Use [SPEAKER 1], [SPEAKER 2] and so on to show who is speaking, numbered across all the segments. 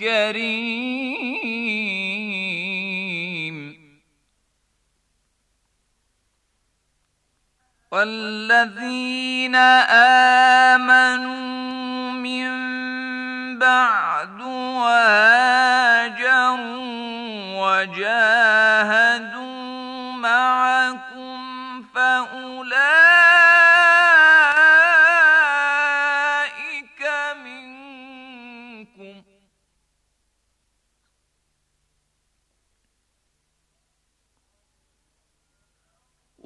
[SPEAKER 1] كريم والذين آمنوا من بعد وهاجروا وجاهدوا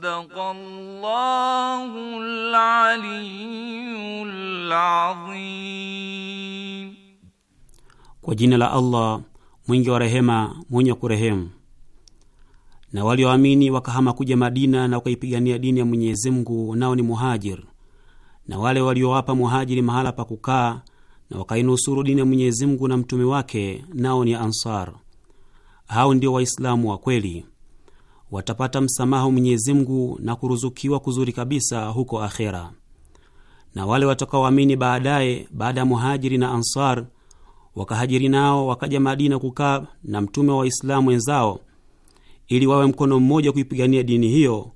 [SPEAKER 1] Sadaqallahul Aliyyul
[SPEAKER 2] Azim. Kwa jina la Allah mwingi wa rehema mwenye kurehemu. Na walioamini wa wakahama kuja Madina na wakaipigania dini ya Mwenyezi Mungu, nao ni muhajir na wale waliowapa muhajiri mahala pa kukaa na wakainusuru dini ya Mwenyezi Mungu na mtume wake, nao ni ansar. Hao ndio Waislamu wa kweli watapata msamaha Mwenyezi Mungu na kuruzukiwa kuzuri kabisa huko akhera. Na wale watakaoamini baadaye, baada ya Muhajiri na Ansar wakahajiri nao wakaja Madina kukaa na mtume wa Waislamu wenzao ili wawe mkono mmoja kuipigania dini hiyo,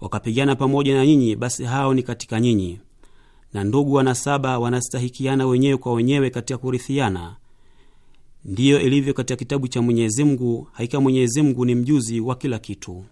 [SPEAKER 2] wakapigana pamoja na nyinyi, basi hao ni katika nyinyi, na ndugu wanasaba wanastahikiana wenyewe kwa wenyewe katika kurithiana Ndiyo ilivyo katika kitabu cha Mwenyezi Mungu, hakika Mwenyezi Mungu ni mjuzi wa kila kitu.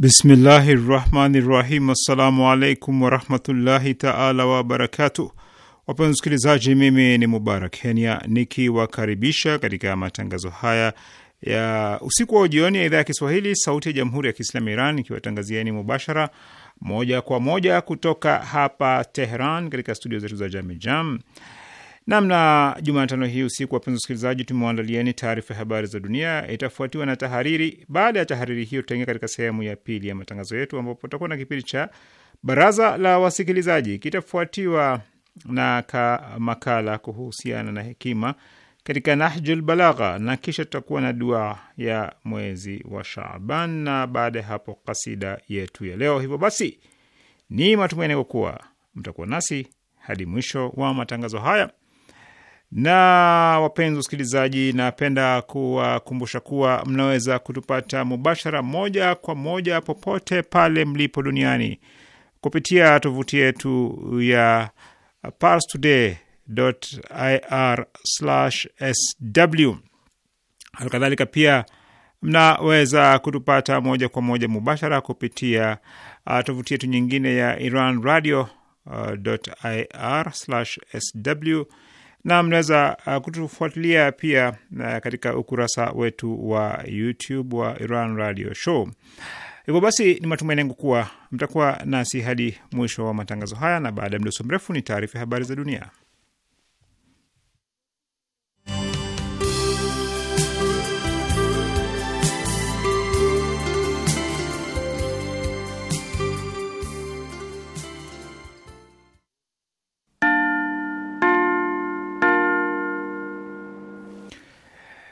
[SPEAKER 3] Bismillahi rahmani rahim. Assalamu alaikum warahmatullahi taala wabarakatuh. Wapenzi msikilizaji mimi ni Mubarak Kenya nikiwakaribisha katika matangazo haya ya usiku wa jioni ya idhaa ya Kiswahili sauti ya jamhuri ya Kiislamu ya Iran ikiwatangazieni mubashara moja kwa moja kutoka hapa teheran katika studio zetu za Jamejam jam. Namna Jumatano hii usiku, wapenzi wasikilizaji, tumewaandalieni taarifa ya habari za dunia, itafuatiwa na tahariri. Baada ya tahariri hiyo, tutaingia katika sehemu ya pili ya matangazo yetu, ambapo tutakuwa na kipindi cha baraza la wasikilizaji, kitafuatiwa na ka makala kuhusiana na hekima katika Nahjul Balagha, na kisha tutakuwa na dua ya mwezi wa Shaaban, na baada ya hapo kasida yetu ya leo. Hivyo basi, ni matumaini kuwa mtakuwa nasi hadi mwisho wa matangazo haya na wapenzi wasikilizaji, napenda kuwakumbusha kuwa mnaweza kutupata mubashara moja kwa moja popote pale mlipo duniani kupitia tovuti yetu ya parstoday.ir/sw. Halikadhalika pia mnaweza kutupata moja kwa moja mubashara kupitia uh, tovuti yetu nyingine ya Iran radio.ir/sw uh, na mnaweza uh, kutufuatilia pia uh, katika ukurasa wetu wa YouTube wa Iran Radio Show. Hivyo basi, ni matumaini yangu kuwa mtakuwa nasi hadi mwisho wa matangazo haya, na baada ya mdoso mrefu ni taarifa ya habari za dunia.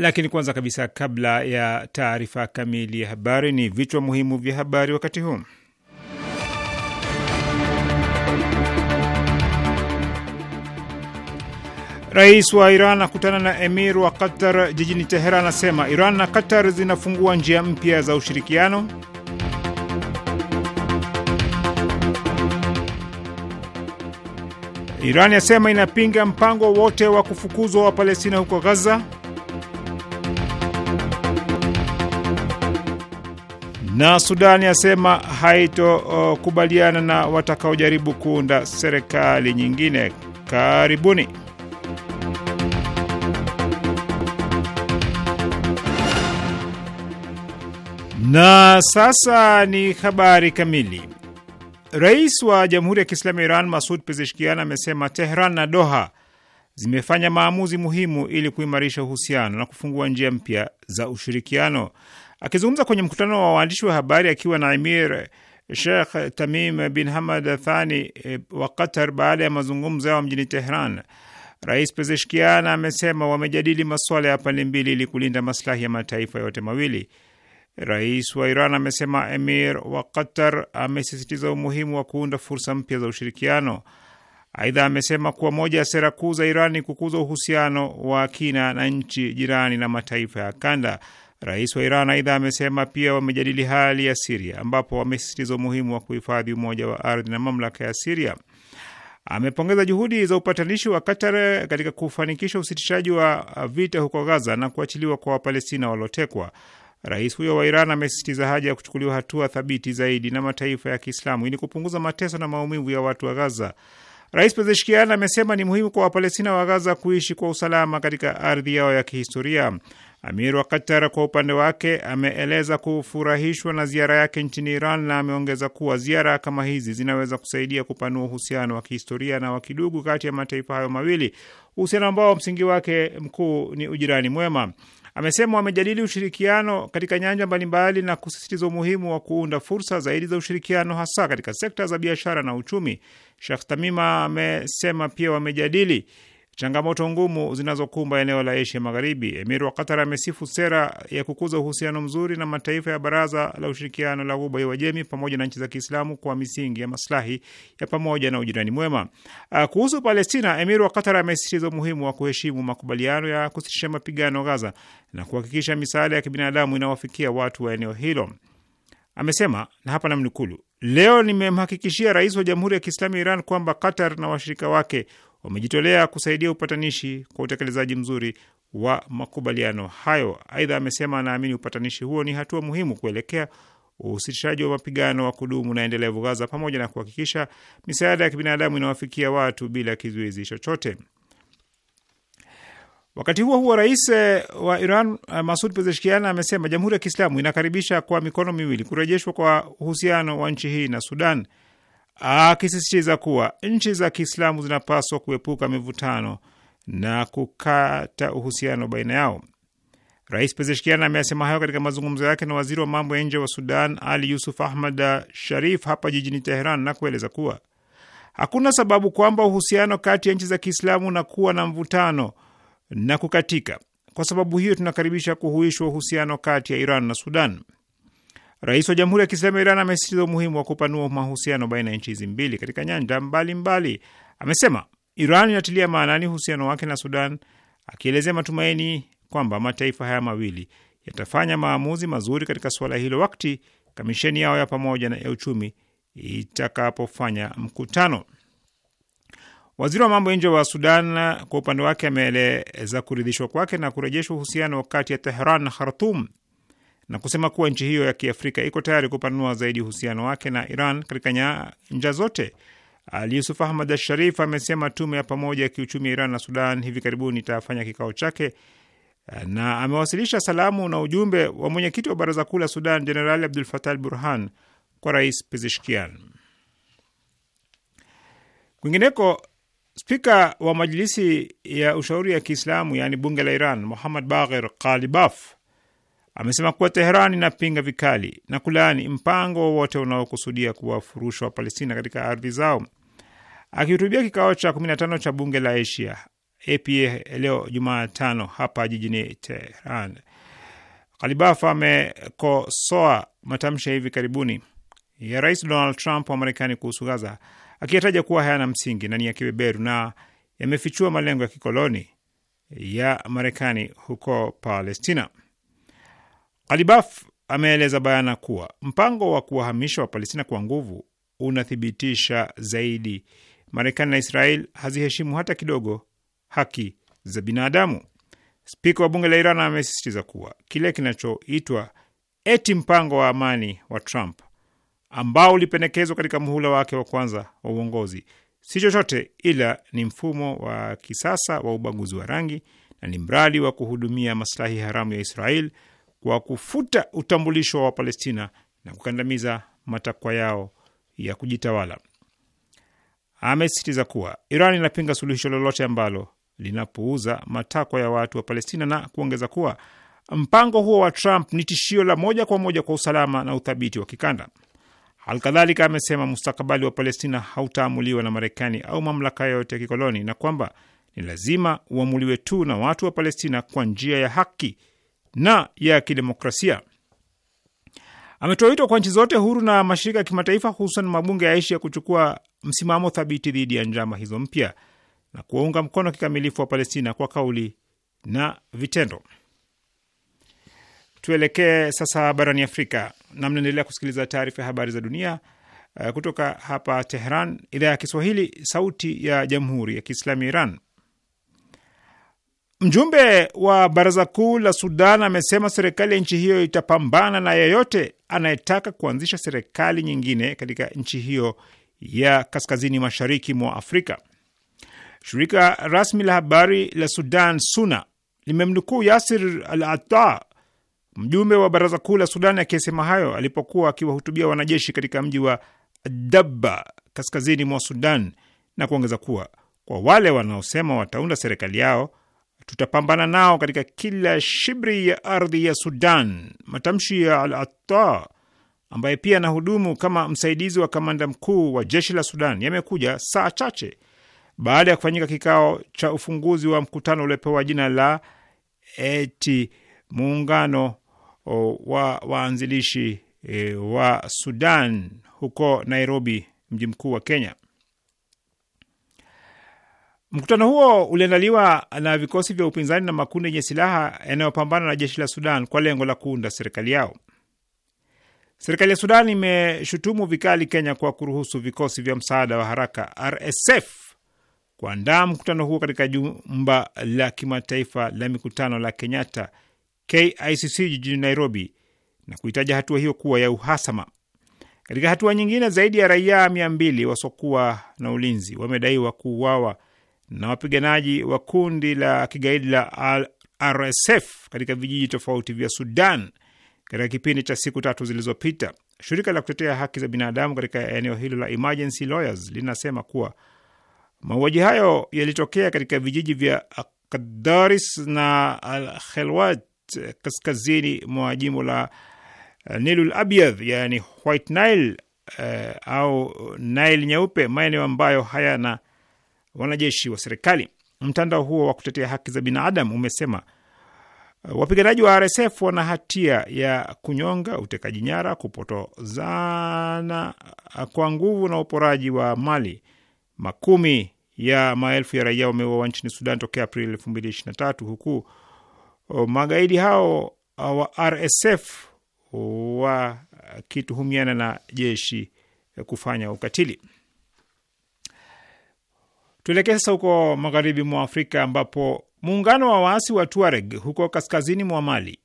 [SPEAKER 3] Lakini kwanza kabisa, kabla ya taarifa kamili ya habari, ni vichwa muhimu vya habari wakati huu. Rais wa Iran akutana na emir wa Qatar jijini Teheran, anasema Iran na Qatar zinafungua njia mpya za ushirikiano. Iran yasema inapinga mpango wote wa kufukuzwa wa palestina huko Gaza. na sudani yasema haitokubaliana na watakaojaribu kuunda serikali nyingine. Karibuni. Na sasa ni habari kamili. Rais wa Jamhuri ya Kiislamu ya Iran Masud Pezeshkian amesema Tehran na Doha zimefanya maamuzi muhimu ili kuimarisha uhusiano na kufungua njia mpya za ushirikiano. Akizungumza kwenye mkutano wa waandishi wa habari akiwa na Emir Sheikh Tamim bin Hamad Thani eh, wa Qatar baada ya mazungumzo yao mjini Tehran, Rais Pezeshkian amesema wamejadili masuala ya pande mbili ili kulinda maslahi ya mataifa yote mawili. Rais wa Iran amesema Emir wa Qatar amesisitiza umuhimu wa kuunda fursa mpya za ushirikiano. Aidha, amesema kuwa moja ya sera kuu za Iran ni kukuza uhusiano wa kina na nchi jirani na mataifa ya kanda. Rais wa Iran aidha amesema pia wamejadili hali ya Siria, ambapo wamesisitiza umuhimu wa kuhifadhi umoja wa ardhi na mamlaka ya Siria. Amepongeza juhudi za upatanishi wa Qatar katika kufanikisha usitishaji wa vita huko Gaza na kuachiliwa kwa Wapalestina waliotekwa. Rais huyo wa Iran amesisitiza haja ya kuchukuliwa hatua thabiti zaidi na mataifa ya Kiislamu ili kupunguza mateso na maumivu ya watu wa Gaza. Rais Pezeshkian amesema ni muhimu kwa Wapalestina wa Gaza kuishi kwa usalama katika ardhi yao ya kihistoria. Amir wa Qatar kwa upande wake ameeleza kufurahishwa na ziara yake nchini Iran na ameongeza kuwa ziara kama hizi zinaweza kusaidia kupanua uhusiano wa kihistoria na wa kidugu kati ya mataifa hayo mawili, uhusiano ambao msingi wake mkuu ni ujirani mwema. Amesema wamejadili ushirikiano katika nyanja mbalimbali na kusisitiza umuhimu wa kuunda fursa zaidi za ushirikiano hasa katika sekta za biashara na uchumi. Sheikh Tamima amesema pia wamejadili changamoto ngumu zinazokumba eneo la Asia Magharibi. Emir wa Qatar amesifu sera ya kukuza uhusiano mzuri na mataifa ya Baraza la Ushirikiano la Ghuba ya Uajemi pamoja na nchi za Kiislamu kwa misingi ya maslahi ya pamoja na ujirani mwema. Ah, kuhusu Palestina, Emir wa Qatar amesisitiza umuhimu wa kuheshimu makubaliano ya kusitisha mapigano Gaza na kuhakikisha misaada ya kibinadamu inawafikia watu wa eneo hilo. Amesema na hapa namnukulu: leo nimemhakikishia rais wa Jamhuri ya Kiislamu ya Iran kwamba Qatar na washirika wake wamejitolea kusaidia upatanishi kwa utekelezaji mzuri wa makubaliano hayo. Aidha, amesema anaamini upatanishi huo ni hatua muhimu kuelekea usitishaji wa mapigano wa kudumu na endelevu Gaza, pamoja na kuhakikisha misaada ya kibinadamu inawafikia watu bila kizuizi chochote. Wakati huo huo, rais eh, wa Iran eh, Masud Pezeshkian amesema Jamhuri ya Kiislamu inakaribisha kwa mikono miwili kurejeshwa kwa uhusiano wa nchi hii na Sudan akisisitiza kuwa nchi za Kiislamu zinapaswa kuepuka mivutano na kukata uhusiano baina yao. Rais Pezeshkian ameyasema hayo katika mazungumzo yake na waziri wa mambo ya nje wa Sudan Ali Yusuf Ahmad Sharif hapa jijini Teheran na kueleza kuwa hakuna sababu kwamba uhusiano kati ya nchi za Kiislamu unakuwa na mvutano na kukatika. Kwa sababu hiyo, tunakaribisha kuhuishwa uhusiano kati ya Iran na Sudan. Rais wa Jamhuri ya Kiislamu ya Iran amesisitiza umuhimu wa kupanua mahusiano baina ya nchi hizi mbili katika nyanja mbalimbali. Amesema Iran inatilia maanani uhusiano wake na Sudan, akielezea matumaini kwamba mataifa haya mawili yatafanya maamuzi mazuri katika suala hilo wakati kamisheni yao ya pamoja na ya uchumi itakapofanya mkutano. Waziri wa mambo ya nje wa Sudan kwa upande wake ameeleza kuridhishwa kwake na kurejeshwa uhusiano kati ya Tehran na Khartum na kusema kuwa nchi hiyo ya Kiafrika iko tayari kupanua zaidi uhusiano wake na Iran katika nyanja zote. Ali Yusuf Ahmad Asharif amesema tume ya pamoja ya kiuchumi ya Iran na Sudan hivi karibuni itafanya kikao chake, na amewasilisha salamu na ujumbe wa mwenyekiti wa baraza kuu la Sudan Jenerali Abdul Fatah Burhan kwa Rais Pezeshkian. Kwingineko, spika wa majilisi ya ushauri ya Kiislamu yaani bunge la Iran Muhammad Bagher Kalibaf amesema kuwa Teheran inapinga vikali na kulaani mpango wowote unaokusudia kuwafurusha Wapalestina katika ardhi zao. Akihutubia kikao cha 15 cha bunge la Asia APA leo Jumatano hapa jijini Teheran, Kalibaf amekosoa matamshi ya hivi karibuni ya Rais Donald Trump wa Marekani kuhusu Gaza, akiyataja kuwa hayana msingi na ni ya kibeberu na yamefichua malengo ya kikoloni ya Marekani huko Palestina. Alibaf ameeleza bayana kuwa mpango wa kuwahamisha Wapalestina kwa nguvu unathibitisha zaidi Marekani na Israel haziheshimu hata kidogo haki za binadamu. Spika wa bunge la Iran amesisitiza kuwa kile kinachoitwa eti mpango wa amani wa Trump ambao ulipendekezwa katika muhula wake wa kwanza wa uongozi si chochote ila ni mfumo wa kisasa wa ubaguzi wa rangi na ni mradi wa kuhudumia maslahi haramu ya Israel kwa kufuta utambulisho wa Palestina na kukandamiza matakwa yao ya kujitawala. Amesisitiza kuwa Iran inapinga suluhisho lolote ambalo linapuuza matakwa ya watu wa Palestina na kuongeza kuwa mpango huo wa Trump ni tishio la moja kwa moja kwa usalama na uthabiti wa kikanda. alkadhalika amesema mustakabali wa Palestina hautaamuliwa na Marekani au mamlaka yoyote ya kikoloni na kwamba ni lazima uamuliwe tu na watu wa Palestina kwa njia ya haki na ya kidemokrasia. Ametoa wito kwa nchi zote huru na mashirika ya kimataifa, hususan mabunge ya Asia kuchukua msimamo thabiti dhidi ya njama hizo mpya na kuwaunga mkono kikamilifu wa Palestina kwa kauli na vitendo. Tuelekee sasa barani Afrika na mnaendelea kusikiliza taarifa ya habari za dunia eh, kutoka hapa Tehran, idhaa ya Kiswahili, sauti ya jamhuri ya kiislamu ya Iran. Mjumbe wa baraza kuu la Sudan amesema serikali ya nchi hiyo itapambana na yeyote anayetaka kuanzisha serikali nyingine katika nchi hiyo ya kaskazini mashariki mwa Afrika. Shirika rasmi la habari la Sudan SUNA limemnukuu Yasir Al Ata, mjumbe wa baraza kuu la Sudan, akisema hayo alipokuwa akiwahutubia wanajeshi katika mji wa Dabba kaskazini mwa Sudan, na kuongeza kuwa kwa wale wanaosema wataunda serikali yao tutapambana nao katika kila shibri ya ardhi ya Sudan. Matamshi ya Al-Atta ambaye pia anahudumu kama msaidizi wa kamanda mkuu wa jeshi la Sudan yamekuja saa chache baada ya kufanyika kikao cha ufunguzi wa mkutano uliopewa jina la eti muungano wa waanzilishi e, wa Sudan huko Nairobi, mji mkuu wa Kenya. Mkutano huo uliandaliwa na vikosi vya upinzani na makundi yenye silaha yanayopambana na jeshi la Sudan kwa lengo la kuunda serikali yao. Serikali ya Sudan imeshutumu vikali Kenya kwa kuruhusu vikosi vya msaada wa haraka RSF kuandaa mkutano huo katika jumba la kimataifa la mikutano la Kenyatta KICC jijini Nairobi na kuhitaja hatua hiyo kuwa ya uhasama. Katika hatua nyingine, zaidi ya raia mia mbili wasokuwa na ulinzi wamedaiwa kuuawa na wapiganaji wa kundi la kigaidi la RSF katika vijiji tofauti vya Sudan katika kipindi cha siku tatu zilizopita. Shirika la kutetea haki za binadamu katika eneo hilo la Emergency Lawyers linasema kuwa mauaji hayo yalitokea katika vijiji vya Kadaris na Al Helwat kaskazini mwa jimbo la Nilul Abyadh, yani White Nile eh, au Nile nyeupe, maeneo ambayo hayana wanajeshi wa serikali. Mtandao huo wa kutetea haki za binadamu umesema uh, wapiganaji wa RSF wana hatia ya kunyonga, utekaji nyara, kupotozana uh, kwa nguvu na uporaji wa mali. Makumi ya maelfu ya raia wameuawa nchini Sudan tokea Aprili 2023 huku uh, magaidi hao wa RSF wakituhumiana na jeshi kufanya ukatili. Tuelekee sasa huko magharibi mwa Afrika ambapo muungano wa waasi wa Tuareg huko kaskazini mwa Mali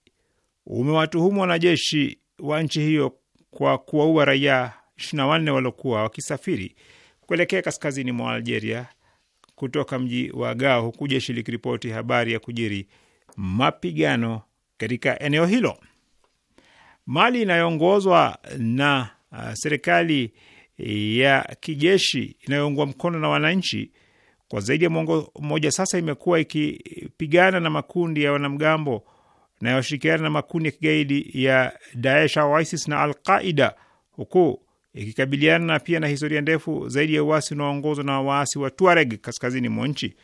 [SPEAKER 3] umewatuhumu wanajeshi wa nchi hiyo kwa kuwaua raia 24 waliokuwa wakisafiri kuelekea kaskazini mwa Algeria kutoka mji wa Gao, huku jeshi likiripoti habari ya kujiri mapigano katika eneo hilo. Mali inayoongozwa na uh, serikali ya kijeshi inayoungwa mkono na wananchi kwa zaidi ya mwongo mmoja sasa imekuwa ikipigana na makundi ya wanamgambo yanayoshirikiana na makundi ya kigaidi ya Daesh au ISIS na Alqaida, huku ikikabiliana pia na historia ndefu zaidi ya uasi unaoongozwa na waasi wa Tuareg kaskazini mwa nchi.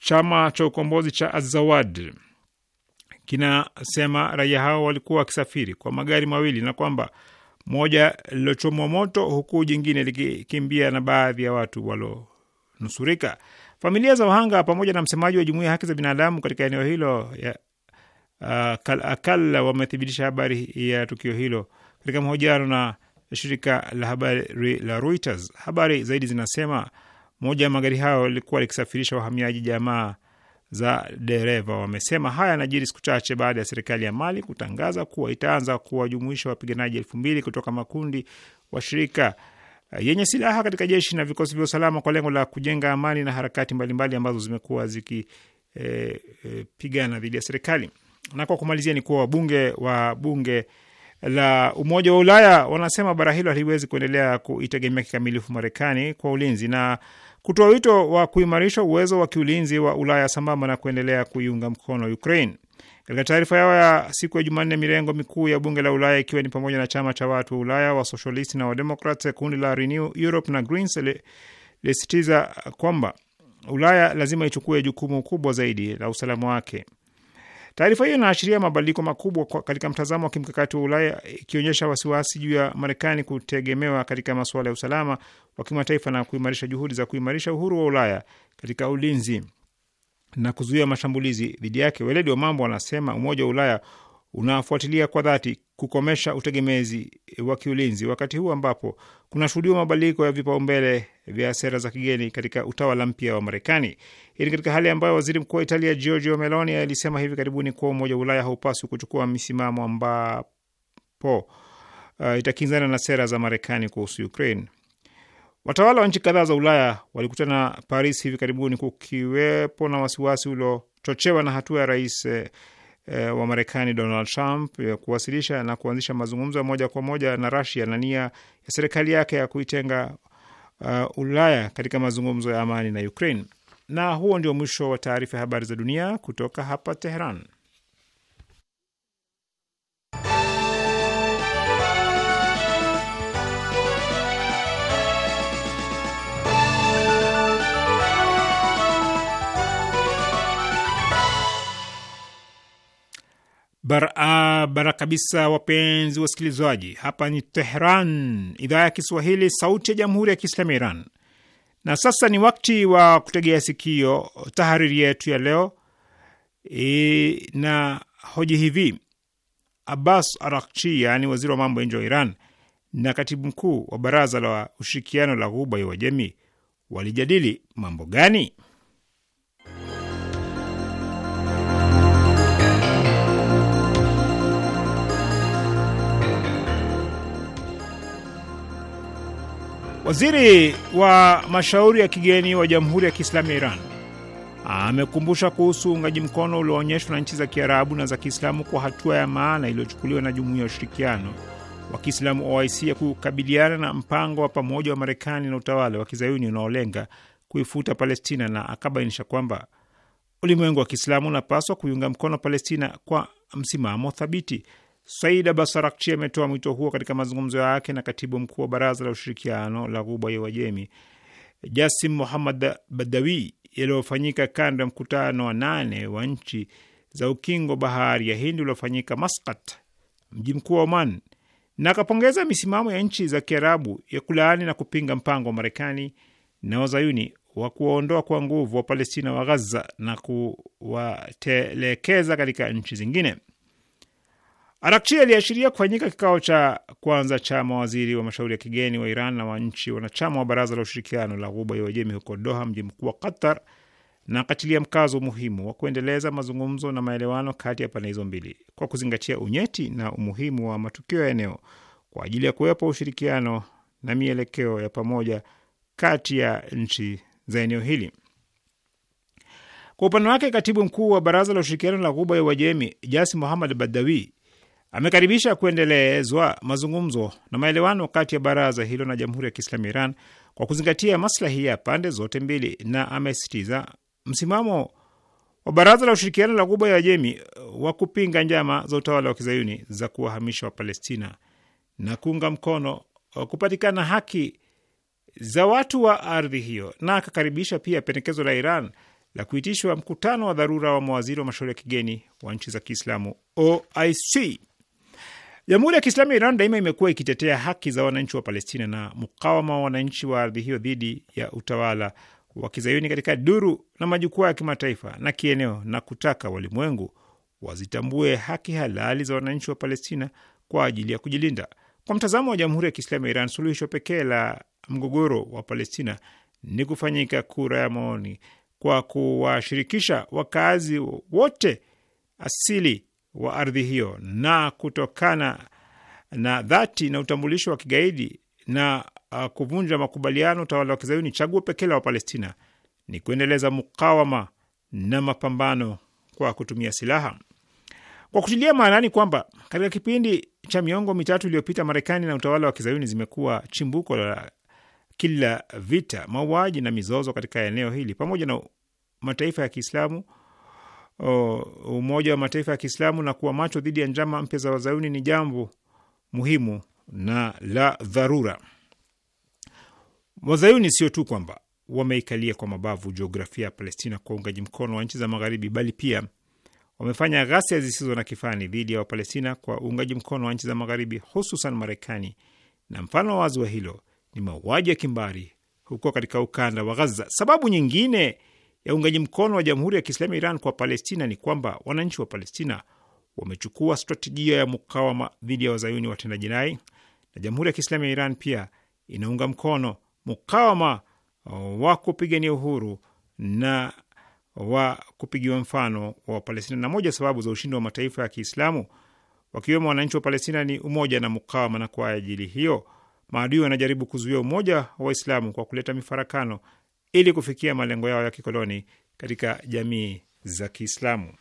[SPEAKER 3] Chama cha ukombozi cha Azawad kinasema raia hao walikuwa wakisafiri kwa magari mawili na kwamba moja lilochomwa moto huku jingine likikimbia na baadhi ya watu walo kunusurika. Familia za wahanga pamoja na msemaji wa jumuiya ya haki za binadamu katika eneo hilo ya, uh, kal akala wamethibitisha habari ya tukio hilo katika mahojiano na shirika la habari la Reuters. Habari zaidi zinasema moja ya magari hayo lilikuwa likisafirisha wahamiaji. Jamaa za dereva wamesema haya yanajiri siku chache baada ya serikali ya Mali kutangaza kuwa itaanza kuwajumuisha wapiganaji elfu mbili kutoka makundi washirika yenye silaha katika jeshi na vikosi vya usalama kwa lengo la kujenga amani na harakati mbalimbali ambazo zimekuwa zikipigana eh, eh, e, e, dhidi ya serikali. Na kwa kumalizia ni kuwa wabunge wa bunge la Umoja wa Ulaya wanasema bara hilo haliwezi kuendelea kuitegemea kikamilifu Marekani kwa ulinzi na kutoa wito wa kuimarisha uwezo wa kiulinzi wa Ulaya sambamba na kuendelea kuiunga mkono Ukraine. Katika taarifa yao ya siku ya Jumanne, mirengo mikuu ya bunge la Ulaya ikiwa ni pamoja na chama cha watu wa Ulaya, wasocialist na wademokrat, kundi la Renew Europe na Greens lilisitiza kwamba Ulaya lazima ichukue jukumu kubwa zaidi la usalama wake. Taarifa hiyo inaashiria mabadiliko makubwa katika mtazamo wa kimkakati wa Ulaya, ikionyesha wasiwasi juu ya Marekani kutegemewa katika masuala ya usalama wa kimataifa na kuimarisha juhudi za kuimarisha uhuru wa Ulaya katika ulinzi na kuzuia mashambulizi dhidi yake. Weledi wa mambo wanasema Umoja wa Ulaya unafuatilia kwa dhati kukomesha utegemezi wa kiulinzi wakati huu ambapo kunashuhudiwa mabadiliko ya vipaumbele vya sera za kigeni katika utawala mpya wa Marekani. Hii ni katika hali ambayo waziri mkuu wa Italia Giorgio Meloni alisema hivi karibuni kuwa Umoja wa Ulaya haupaswi kuchukua misimamo ambapo uh, itakinzana na sera za Marekani kuhusu Ukraine. Watawala wa nchi kadhaa za Ulaya walikutana Paris hivi karibuni, kukiwepo na wasiwasi uliochochewa na hatua ya rais E, wa Marekani Donald Trump ya kuwasilisha na kuanzisha mazungumzo ya moja kwa moja na rasia na nia ya serikali yake ya kuitenga uh, Ulaya katika mazungumzo ya amani na Ukraine. Na huo ndio mwisho wa taarifa ya habari za dunia kutoka hapa teheran Bara bara kabisa, wapenzi wasikilizaji, hapa ni Tehran, idhaa ya Kiswahili, sauti ya jamhuri ya kiislamu ya Iran. Na sasa ni wakati wa kutegea sikio tahariri yetu ya leo e, na hoji hivi: Abbas Arakchi, yaani waziri wa mambo ya nje wa Iran na katibu mkuu wa baraza la ushirikiano la Ghuba ya Uajemi walijadili mambo gani? Waziri wa mashauri ya kigeni wa Jamhuri ya Kiislamu ya Iran amekumbusha kuhusu uungaji mkono ulioonyeshwa na nchi za Kiarabu na za Kiislamu kwa hatua ya maana iliyochukuliwa na Jumuiya ya Ushirikiano wa Kiislamu OIC ya kukabiliana na mpango wa pamoja wa Marekani na utawala wa kizayuni unaolenga kuifuta Palestina, na akabainisha kwamba ulimwengu wa Kiislamu unapaswa kuiunga mkono Palestina kwa msimamo thabiti. Said Abbas ametoa mwito huo katika mazungumzo yake na katibu mkuu wa baraza la ushirikiano la Ghuba ya Uajemi Jasim Muhammad Badawi yaliyofanyika kando ya mkutano wa nane wa nchi za ukingo bahari ya Hindi uliofanyika Maskat, mji mkuu wa Oman, na akapongeza misimamo ya nchi za Kiarabu ya kulaani na kupinga mpango wa Marekani na wazayuni wa kuwaondoa kwa nguvu Wapalestina wa ghaza na kuwatelekeza katika nchi zingine. Arakchi aliashiria kufanyika kikao cha kwanza cha mawaziri wa mashauri ya kigeni wa Iran na wa nchi wanachama wa Baraza la Ushirikiano la Ghuba ya Uajemi huko Doha, mji mkuu wa Qatar, na akatilia mkazo umuhimu wa kuendeleza mazungumzo na maelewano kati ya pande hizo mbili kwa kuzingatia unyeti na umuhimu wa matukio ya eneo kwa ajili ya kuwepo ushirikiano na mielekeo ya pamoja kati ya nchi za eneo hili. Kwa upande wake, katibu mkuu wa Baraza la Ushirikiano la Ghuba ya Uajemi Jasi Muhammad Badawi amekaribisha kuendelezwa mazungumzo na maelewano kati ya baraza hilo na Jamhuri ya Kiislamu Iran kwa kuzingatia maslahi ya pande zote mbili, na amesisitiza msimamo wa Baraza la Ushirikiano la Ghuba ya Ajemi wa kupinga njama za utawala wa kizayuni za kuwahamisha Wapalestina na kuunga mkono uh, kupatikana haki za watu wa ardhi hiyo, na akakaribisha pia pendekezo la Iran la kuitishwa mkutano wa dharura wa mawaziri wa mashauri ya kigeni wa nchi za Kiislamu, OIC. Jamhuri ya Kiislamu ya Iran daima imekuwa ikitetea haki za wananchi wa Palestina na mukawama wa wananchi wa ardhi hiyo dhidi ya utawala wa kizayuni katika duru na majukwaa ya kimataifa na kieneo, na kutaka walimwengu wazitambue haki halali za wananchi wa Palestina kwa ajili ya kujilinda. Kwa mtazamo wa Jamhuri ya Kiislamu ya Iran, suluhisho pekee la mgogoro wa Palestina ni kufanyika kura ya maoni kwa kuwashirikisha wakazi wote asili wa ardhi hiyo, na kutokana na dhati na utambulisho wa kigaidi na uh, kuvunja makubaliano, utawala wa kizayuni, chaguo pekee la Wapalestina ni kuendeleza mukawama na mapambano kwa kutumia silaha, kwa kutilia maanani kwamba katika kipindi cha miongo mitatu iliyopita, Marekani na utawala wa kizayuni zimekuwa chimbuko la kila vita, mauaji na mizozo katika eneo hili, pamoja na mataifa ya Kiislamu Umoja wa Mataifa ya Kiislamu na kuwa macho dhidi ya njama mpya za wazayuni ni jambo muhimu na la dharura. Wazayuni sio tu kwamba wameikalia kwa mabavu jiografia ya Palestina kwa uungaji mkono wa nchi za Magharibi, bali pia wamefanya ghasia zisizo na kifani dhidi ya Wapalestina kwa uungaji mkono wa nchi za Magharibi, hususan Marekani, na mfano wazi wa hilo ni mauaji ya kimbari huko katika ukanda wa Gaza. Sababu nyingine ya uungaji mkono wa Jamhuri ya Kiislamu ya Iran kwa Palestina ni kwamba wananchi wa Palestina wamechukua strategia ya mukawama dhidi ya wazayuni watenda jinai, na Jamhuri ya Kiislamu ya Iran pia inaunga mkono mukawama wa kupigania uhuru na wa kupigiwa mfano wa Palestina. Na moja sababu za ushindi wa mataifa ya Kiislamu wakiwemo wananchi wa Palestina ni umoja na mukawama, na kwa ajili hiyo maadui wanajaribu kuzuia umoja wa Waislamu kwa kuleta mifarakano ili kufikia malengo yao ya kikoloni katika jamii za Kiislamu.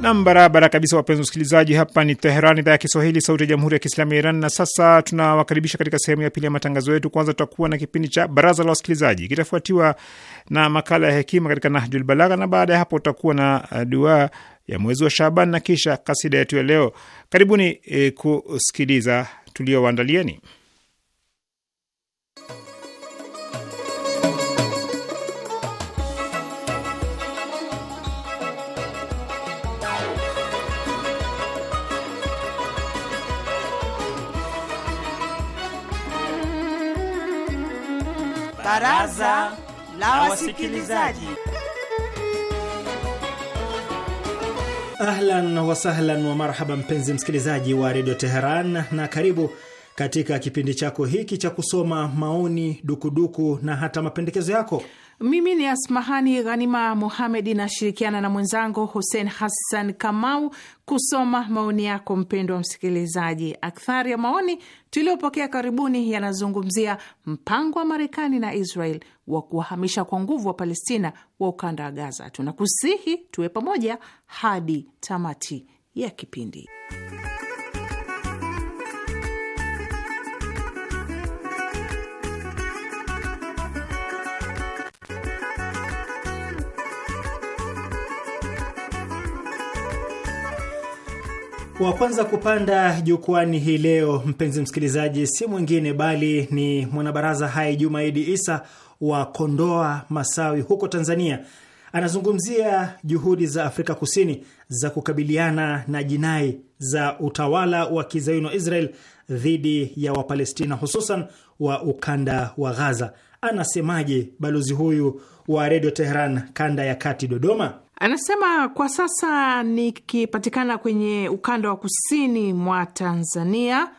[SPEAKER 3] Nam, barabara kabisa, wapenzi wasikilizaji, hapa ni Teheran, idhaa ya Kiswahili, sauti ya jamhuri ya kiislamu ya Iran. Na sasa tunawakaribisha katika sehemu ya pili ya matangazo yetu. Kwanza tutakuwa na kipindi cha baraza la wasikilizaji, kitafuatiwa na makala ya hekima katika Nahjul Balagha, na baada ya hapo tutakuwa na eh, dua ya mwezi wa Shaban na kisha kasida yetu ya leo. Karibuni e, kusikiliza tuliowaandalieni.
[SPEAKER 2] Baraza la Wasikilizaji.
[SPEAKER 4] Ahlan wasahlan wa marhaba, mpenzi msikilizaji wa redio Teheran, na karibu katika kipindi chako hiki cha kusoma maoni, dukuduku na hata mapendekezo yako.
[SPEAKER 5] Mimi ni Asmahani Ghanima Muhamedi, nashirikiana na mwenzangu Hussein Hassan Kamau kusoma maoni yako, wa msikilizaji. Akthari ya maoni tuliyopokea karibuni yanazungumzia mpango wa Marekani na Israel wa kuwahamisha kwa nguvu wa Palestina wa ukanda wa Gaza. Tunakusihi tuwe pamoja hadi tamati ya kipindi.
[SPEAKER 4] Wa kwanza kupanda jukwani hii leo, mpenzi msikilizaji, si mwingine bali ni mwanabaraza hai Jumaidi Isa wa Kondoa Masawi huko Tanzania. Anazungumzia juhudi za Afrika Kusini za kukabiliana na jinai za utawala wa kizayuni wa Israel dhidi ya Wapalestina, hususan wa ukanda wa Ghaza. Anasemaje balozi huyu wa Redio Teheran kanda ya kati Dodoma?
[SPEAKER 5] Anasema kwa sasa nikipatikana kwenye ukanda wa kusini mwa Tanzania.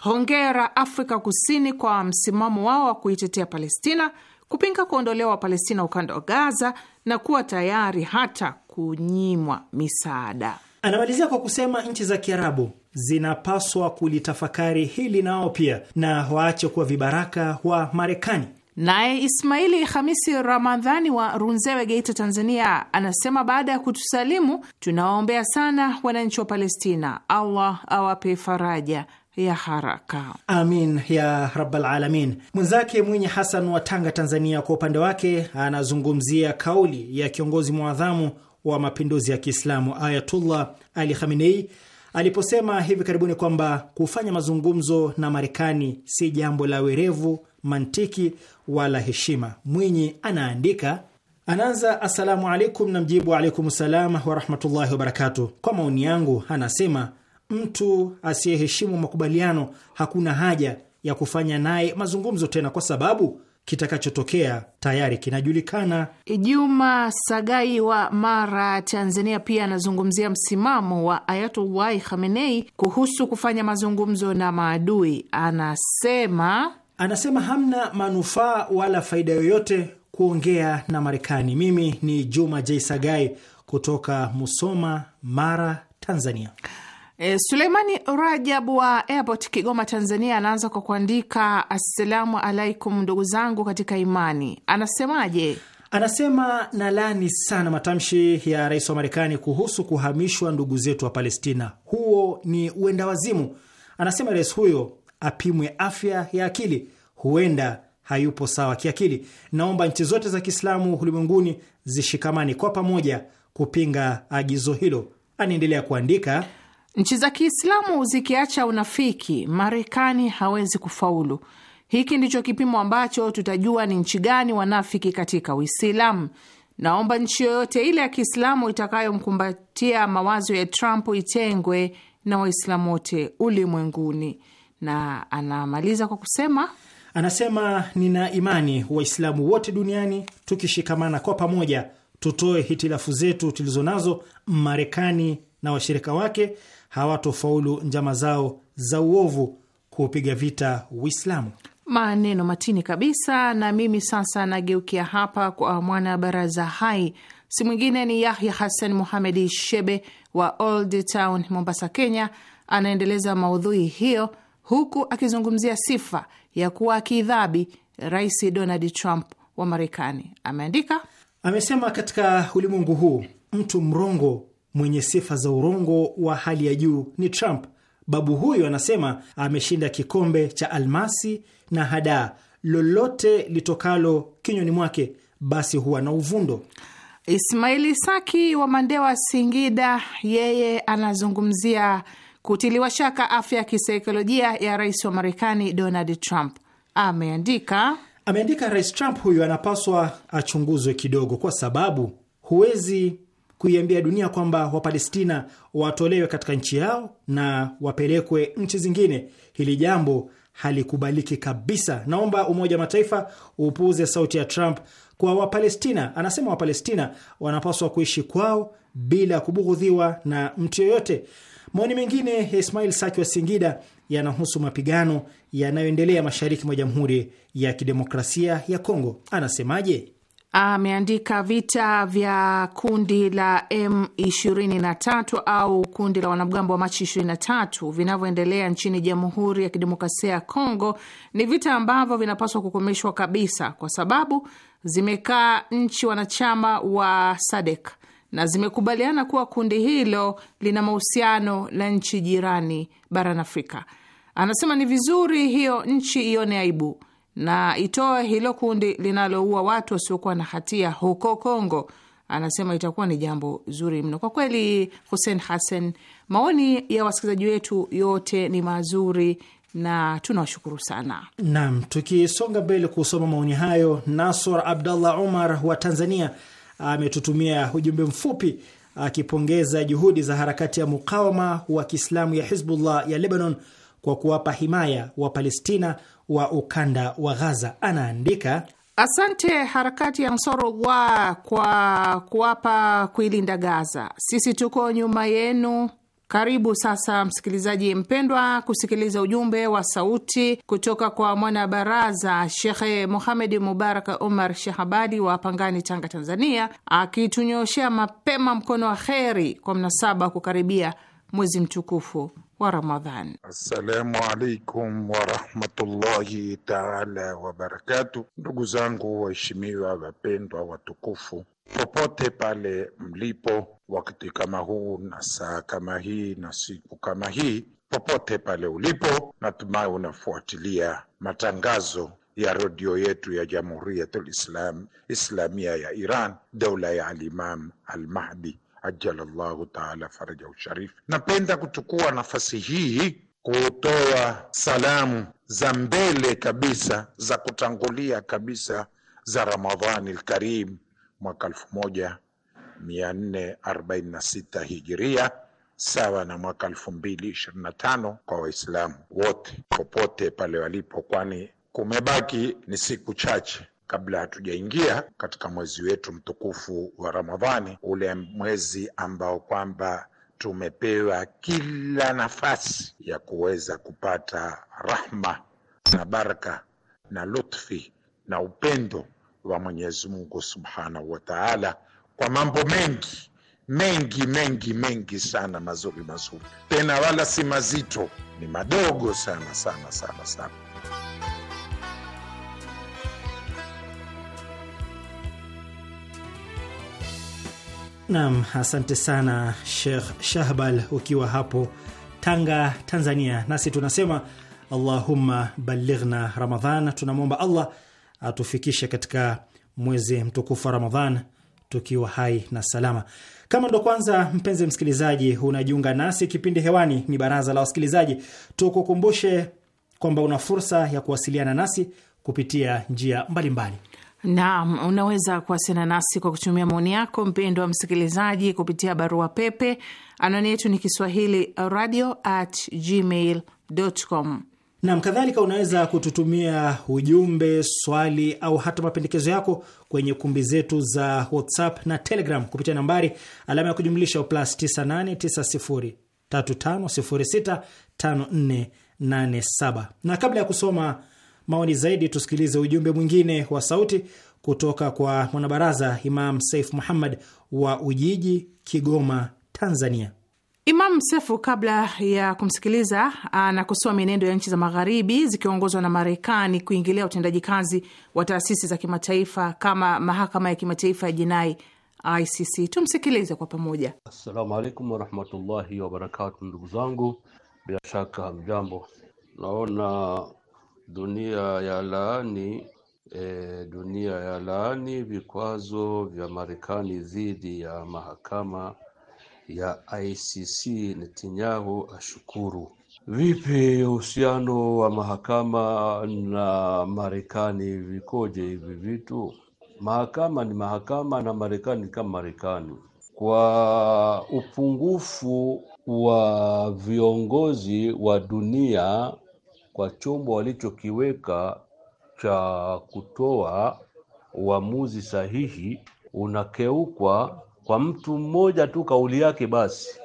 [SPEAKER 5] Hongera Afrika Kusini kwa msimamo wao wa kuitetea Palestina, kupinga kuondolewa palestina ukanda wa Gaza na kuwa tayari hata kunyimwa misaada.
[SPEAKER 4] Anamalizia kwa kusema nchi za Kiarabu zinapaswa kulitafakari hili nao pia na waache kuwa vibaraka wa Marekani.
[SPEAKER 5] Naye Ismaili Hamisi Ramadhani wa Runzewe, Geita, Tanzania, anasema baada ya kutusalimu, tunawaombea sana wananchi wa Palestina, Allah awape faraja ya haraka
[SPEAKER 4] amin ya rabbal alamin. Mwenzake Mwinyi Hasan wa Tanga, Tanzania, kwa upande wake anazungumzia kauli ya kiongozi mwadhamu wa mapinduzi ya Kiislamu Ayatullah Ali Khamenei aliposema hivi karibuni kwamba kufanya mazungumzo na Marekani si jambo la werevu mantiki wala heshima. Mwinyi anaandika anaanza assalamu alaikum na mjibu alaikum salam warahmatullahi wabarakatu. Kwa maoni yangu, anasema mtu asiyeheshimu makubaliano hakuna haja ya kufanya naye mazungumzo tena, kwa sababu kitakachotokea tayari kinajulikana.
[SPEAKER 5] Juma Sagai wa Mara, Tanzania, pia anazungumzia msimamo wa Ayatullahi Khamenei kuhusu kufanya mazungumzo na maadui. Anasema anasema hamna
[SPEAKER 4] manufaa wala faida yoyote kuongea na Marekani.
[SPEAKER 5] Mimi ni Juma
[SPEAKER 4] J Sagai kutoka Musoma, Mara, Tanzania.
[SPEAKER 5] E, Suleimani Rajabu wa Airport Kigoma, Tanzania anaanza kwa kuandika assalamu alaikum, ndugu zangu katika imani. Anasemaje?
[SPEAKER 4] Anasema nalani sana matamshi ya rais wa Marekani kuhusu kuhamishwa ndugu zetu wa Palestina.
[SPEAKER 5] Huo ni
[SPEAKER 4] uenda wazimu. Anasema rais huyo apimwe afya ya akili, huenda hayupo sawa kiakili. Naomba nchi zote za Kiislamu ulimwenguni zishikamani kwa pamoja kupinga agizo hilo. Anaendelea kuandika,
[SPEAKER 5] nchi za Kiislamu zikiacha unafiki, Marekani hawezi kufaulu. Hiki ndicho kipimo ambacho tutajua ni nchi gani wanafiki katika Uislamu. Naomba nchi yoyote ile ya Kiislamu itakayomkumbatia mawazo ya Trump itengwe na Waislamu wote ulimwenguni na anamaliza kwa kusema anasema,
[SPEAKER 4] nina imani Waislamu wote duniani tukishikamana kwa pamoja, tutoe hitilafu zetu tulizo nazo, Marekani na washirika wake hawatofaulu njama zao za uovu kuupiga vita Uislamu.
[SPEAKER 5] Maneno matini kabisa. Na mimi sasa nageukia hapa kwa mwana baraza hai, si mwingine ni Yahya Hassan Muhamedi Shebe wa Old Town, Mombasa, Kenya. Anaendeleza maudhui hiyo huku akizungumzia sifa ya kuwa akidhabi Rais Donald Trump wa Marekani. Ameandika,
[SPEAKER 4] amesema katika ulimwengu huu mtu mrongo mwenye sifa za urongo wa hali ya juu ni Trump. Babu huyu anasema ameshinda kikombe cha almasi na hadaa, lolote litokalo kinywani mwake basi huwa na uvundo.
[SPEAKER 5] Ismaili Saki wa Mandewa, Singida, yeye anazungumzia kutiliwa shaka afya ya kisaikolojia ya rais wa Marekani Donald Trump. Ameandika
[SPEAKER 4] ameandika Rais Trump huyu anapaswa achunguzwe kidogo, kwa sababu huwezi kuiambia dunia kwamba Wapalestina watolewe katika nchi yao na wapelekwe nchi zingine. Hili jambo halikubaliki kabisa. Naomba Umoja wa Mataifa upuuze sauti ya Trump kwa Wapalestina. Anasema Wapalestina wanapaswa kuishi kwao bila kubughudhiwa na mtu yoyote. Maoni mengine ya Ismail Saki wa Singida yanahusu mapigano yanayoendelea mashariki mwa Jamhuri ya Kidemokrasia ya Kongo. Anasemaje?
[SPEAKER 5] Ameandika vita vya kundi la M23 au kundi la wanamgambo wa Machi 23 vinavyoendelea nchini Jamhuri ya Kidemokrasia ya Kongo ni vita ambavyo vinapaswa kukomeshwa kabisa, kwa sababu zimekaa nchi wanachama wa SADC na zimekubaliana kuwa kundi hilo lina mahusiano na nchi jirani barani Afrika. Anasema ni vizuri hiyo nchi ione aibu na itoe hilo kundi linaloua watu wasiokuwa na hatia huko Kongo. Anasema itakuwa ni jambo zuri mno kwa kweli. Hussein Hassan, maoni ya wasikilizaji wetu yote ni mazuri na tunawashukuru sana.
[SPEAKER 4] Naam, tukisonga mbele kusoma maoni hayo, Nasor Abdallah Omar wa Tanzania ametutumia ujumbe mfupi akipongeza juhudi za harakati ya mukawama wa Kiislamu ya Hizbullah ya Lebanon kwa kuwapa himaya wa Palestina wa ukanda wa Ghaza. Anaandika,
[SPEAKER 5] asante harakati ya Ansarullah kwa kuwapa kuilinda Gaza. Sisi tuko nyuma yenu karibu sasa msikilizaji mpendwa kusikiliza ujumbe wa sauti kutoka kwa mwanabaraza Shekhe Muhamedi Mubaraka Omar Shehabadi wa Pangani, Tanga, Tanzania, akitunyoshea mapema mkono wa kheri kwa mnasaba wa kukaribia mwezi mtukufu wa
[SPEAKER 6] Ramadhani. Assalamu alaikum warahmatullahi taala wabarakatu. Ndugu zangu waheshimiwa, wapendwa, watukufu popote pale mlipo, wakati kama huu na saa kama hii na siku kama hii, popote pale ulipo, natumai unafuatilia matangazo ya redio yetu ya Jamhuriyatul Islam Islamia ya Iran, daula ya Alimam Almahdi ajalallahu taala farajahu sharif. Napenda kuchukua nafasi hii kutoa salamu za mbele kabisa za kutangulia kabisa za Ramadhani lkarim mwaka 1446 moja hijiria sawa na mwaka elfu kwa Waislamu wote popote pale walipo, kwani kumebaki ni siku chache kabla hatujaingia katika mwezi wetu mtukufu wa Ramadhani, ule mwezi ambao kwamba tumepewa kila nafasi ya kuweza kupata rahma na baraka na lutfi na upendo wa Mwenyezi Mungu Subhanahu wa Ta'ala kwa mambo mengi mengi mengi mengi sana mazuri mazuri, tena wala si mazito, ni madogo sana sana sana sana.
[SPEAKER 4] Naam, asante sana Sheikh Shahbal ukiwa hapo Tanga, Tanzania. Nasi tunasema Allahumma balighna Ramadhan, tunamwomba Allah atufikishe katika mwezi mtukufu wa Ramadhan tukiwa hai na salama. Kama ndo kwanza mpenzi msikilizaji, unajiunga nasi, kipindi hewani ni baraza la wasikilizaji. Tukukumbushe kwamba una fursa ya kuwasiliana nasi kupitia njia mbalimbali
[SPEAKER 5] mbali. Naam, unaweza kuwasiliana nasi kwa kutumia maoni yako, mpendo wa msikilizaji, kupitia barua pepe. Anwani yetu ni kiswahili radio at gmail com
[SPEAKER 4] Nam kadhalika, unaweza kututumia ujumbe, swali au hata mapendekezo yako kwenye kumbi zetu za WhatsApp na Telegram kupitia nambari alama ya kujumlisha plus 989035065487. Na kabla ya kusoma maoni zaidi, tusikilize ujumbe mwingine wa sauti kutoka kwa mwanabaraza Imam Saif Muhammad wa Ujiji, Kigoma, Tanzania.
[SPEAKER 5] Imam Sefu kabla ya kumsikiliza anakosoa mienendo ya nchi za magharibi zikiongozwa na Marekani kuingilia utendaji kazi wa taasisi za kimataifa kama mahakama ya kimataifa ya jinai ICC. Tumsikilize kwa pamoja.
[SPEAKER 7] Assalamu alaikum warahmatullahi wabarakatu, ndugu zangu, bila shaka hamjambo. Naona dunia ya laani e, dunia ya laani vikwazo vya Marekani dhidi ya mahakama ya ICC Netanyahu ashukuru. Vipi uhusiano wa mahakama na Marekani vikoje hivi vitu? Mahakama ni mahakama na Marekani kama Marekani. Kwa upungufu wa viongozi wa dunia kwa chombo walichokiweka cha kutoa uamuzi sahihi, unakeukwa kwa mtu mmoja tu kauli yake basi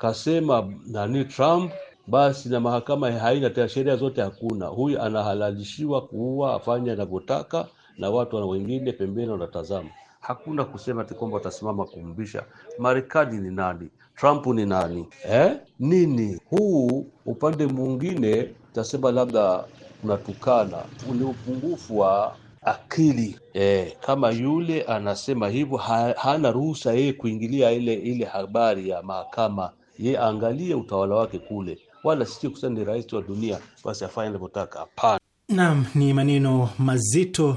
[SPEAKER 7] kasema nani Trump basi na mahakama haina tena sheria zote hakuna. Huyu anahalalishiwa kuua afanye anavyotaka, na watu wengine pembeni wanatazama. Hakuna kusema ati kwamba watasimama kumbisha. Marekani ni nani? Trump ni nani eh? Nini huu upande mwingine utasema labda unatukana, ni upungufu wa akili e, kama yule anasema hivyo ha, hana ruhusa yeye kuingilia ile ile habari ya mahakama. Ye angalie utawala wake kule, wala sisi kusema ni rais wa dunia basi afanye anavyotaka. Hapana.
[SPEAKER 4] Naam, ni maneno mazito